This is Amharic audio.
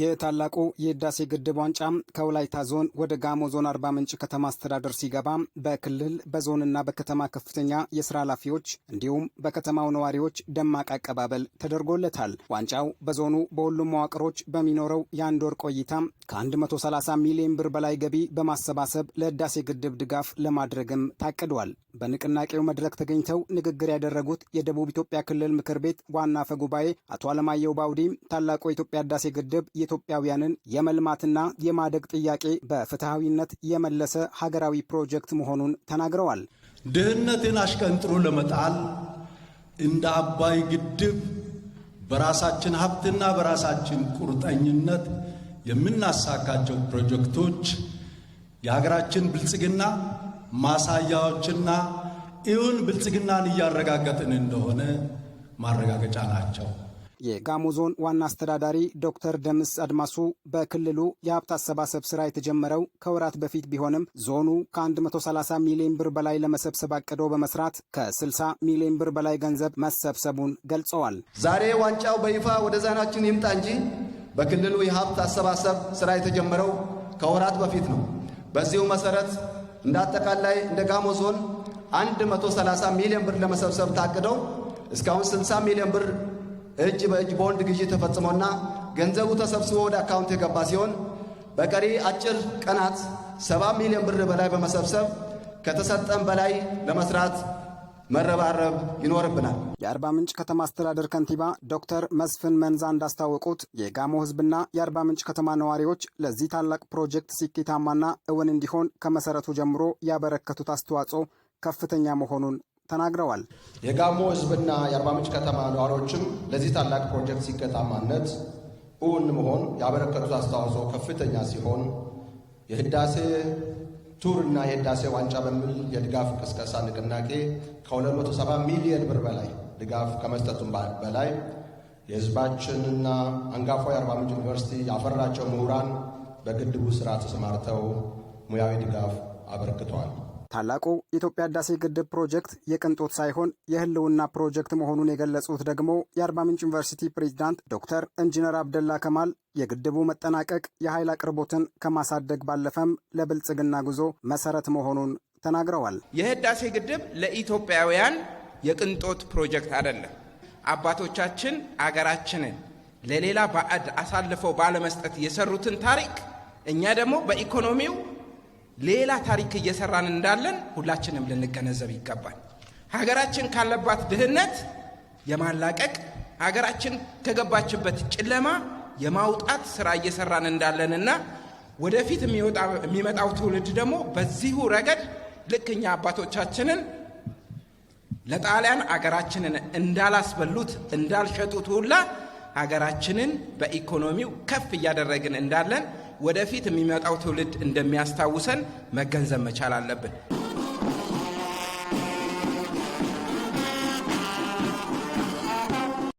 የታላቁ የህዳሴ ግድብ ዋንጫ ከወላይታ ዞን ወደ ጋሞ ዞን አርባ ምንጭ ከተማ አስተዳደር ሲገባ በክልል በዞንና በከተማ ከፍተኛ የስራ ኃላፊዎች እንዲሁም በከተማው ነዋሪዎች ደማቅ አቀባበል ተደርጎለታል። ዋንጫው በዞኑ በሁሉም መዋቅሮች በሚኖረው የአንድ ወር ቆይታ ከ130 ሚሊዮን ብር በላይ ገቢ በማሰባሰብ ለህዳሴ ግድብ ድጋፍ ለማድረግም ታቅዷል። በንቅናቄው መድረክ ተገኝተው ንግግር ያደረጉት የደቡብ ኢትዮጵያ ክልል ምክር ቤት ዋና አፈ ጉባኤ አቶ አለማየሁ ባውዲ ታላቁ የኢትዮጵያ ህዳሴ ግድብ የኢትዮጵያውያንን የመልማትና የማደግ ጥያቄ በፍትሐዊነት የመለሰ ሀገራዊ ፕሮጀክት መሆኑን ተናግረዋል። ድህነትን አሽቀንጥሮ ለመጣል እንደ አባይ ግድብ በራሳችን ሀብትና በራሳችን ቁርጠኝነት የምናሳካቸው ፕሮጀክቶች የሀገራችን ብልጽግና ማሳያዎችና ይሁን ብልጽግናን እያረጋገጥን እንደሆነ ማረጋገጫ ናቸው። የጋሞ ዞን ዋና አስተዳዳሪ ዶክተር ደምስ አድማሱ በክልሉ የሀብት አሰባሰብ ስራ የተጀመረው ከወራት በፊት ቢሆንም ዞኑ ከ130 ሚሊዮን ብር በላይ ለመሰብሰብ አቅዶ በመስራት ከ60 ሚሊዮን ብር በላይ ገንዘብ መሰብሰቡን ገልጸዋል። ዛሬ ዋንጫው በይፋ ወደ ዛናችን ይምጣ እንጂ በክልሉ የሀብት አሰባሰብ ስራ የተጀመረው ከወራት በፊት ነው። በዚሁ መሰረት እንደ አጠቃላይ እንደ ጋሞ ዞን 130 ሚሊዮን ብር ለመሰብሰብ ታቅደው እስካሁን 60 ሚሊዮን ብር እጅ በእጅ በወንድ ግዢ ተፈጽሞና ገንዘቡ ተሰብስቦ ወደ አካውንት የገባ ሲሆን በቀሪ አጭር ቀናት ሰባ ሚሊዮን ብር በላይ በመሰብሰብ ከተሰጠን በላይ ለመስራት መረባረብ ይኖርብናል። የአርባ ምንጭ ከተማ አስተዳደር ከንቲባ ዶክተር መስፍን መንዛ እንዳስታወቁት የጋሞ ሕዝብና የአርባ ምንጭ ከተማ ነዋሪዎች ለዚህ ታላቅ ፕሮጀክት ስኬታማና እውን እንዲሆን ከመሰረቱ ጀምሮ ያበረከቱት አስተዋጽኦ ከፍተኛ መሆኑን ተናግረዋል። የጋሞ ህዝብና የአርባ ምንጭ ከተማ ነዋሪዎችም ለዚህ ታላቅ ፕሮጀክት ሲገጣማነት እውን መሆን ያበረከቱት አስተዋጽኦ ከፍተኛ ሲሆን የህዳሴ ቱር እና የህዳሴ ዋንጫ በሚል የድጋፍ ቅስቀሳ ንቅናቄ ከ270 ሚሊዮን ብር በላይ ድጋፍ ከመስጠቱም በላይ የህዝባችንና አንጋፋ የአርባ ምንጭ ዩኒቨርሲቲ ያፈራቸው ምሁራን በግድቡ ስራ ተሰማርተው ሙያዊ ድጋፍ አበርክተዋል። ታላቁ የኢትዮጵያ ህዳሴ ግድብ ፕሮጀክት የቅንጦት ሳይሆን የህልውና ፕሮጀክት መሆኑን የገለጹት ደግሞ የአርባ ምንጭ ዩኒቨርሲቲ ፕሬዚዳንት ዶክተር ኢንጂነር አብደላ ከማል የግድቡ መጠናቀቅ የኃይል አቅርቦትን ከማሳደግ ባለፈም ለብልጽግና ጉዞ መሰረት መሆኑን ተናግረዋል። የህዳሴ ግድብ ለኢትዮጵያውያን የቅንጦት ፕሮጀክት አይደለም። አባቶቻችን አገራችንን ለሌላ ባዕድ አሳልፈው ባለመስጠት የሰሩትን ታሪክ እኛ ደግሞ በኢኮኖሚው ሌላ ታሪክ እየሰራን እንዳለን ሁላችንም ልንገነዘብ ይገባል። ሀገራችን ካለባት ድህነት የማላቀቅ ሀገራችን ከገባችበት ጨለማ የማውጣት ስራ እየሰራን እንዳለንና ወደፊት የሚመጣው ትውልድ ደግሞ በዚሁ ረገድ ልክ እኛ አባቶቻችንን ለጣሊያን አገራችንን እንዳላስበሉት እንዳልሸጡት ሁላ ሀገራችንን በኢኮኖሚው ከፍ እያደረግን እንዳለን ወደፊት የሚመጣው ትውልድ እንደሚያስታውሰን መገንዘብ መቻል አለብን።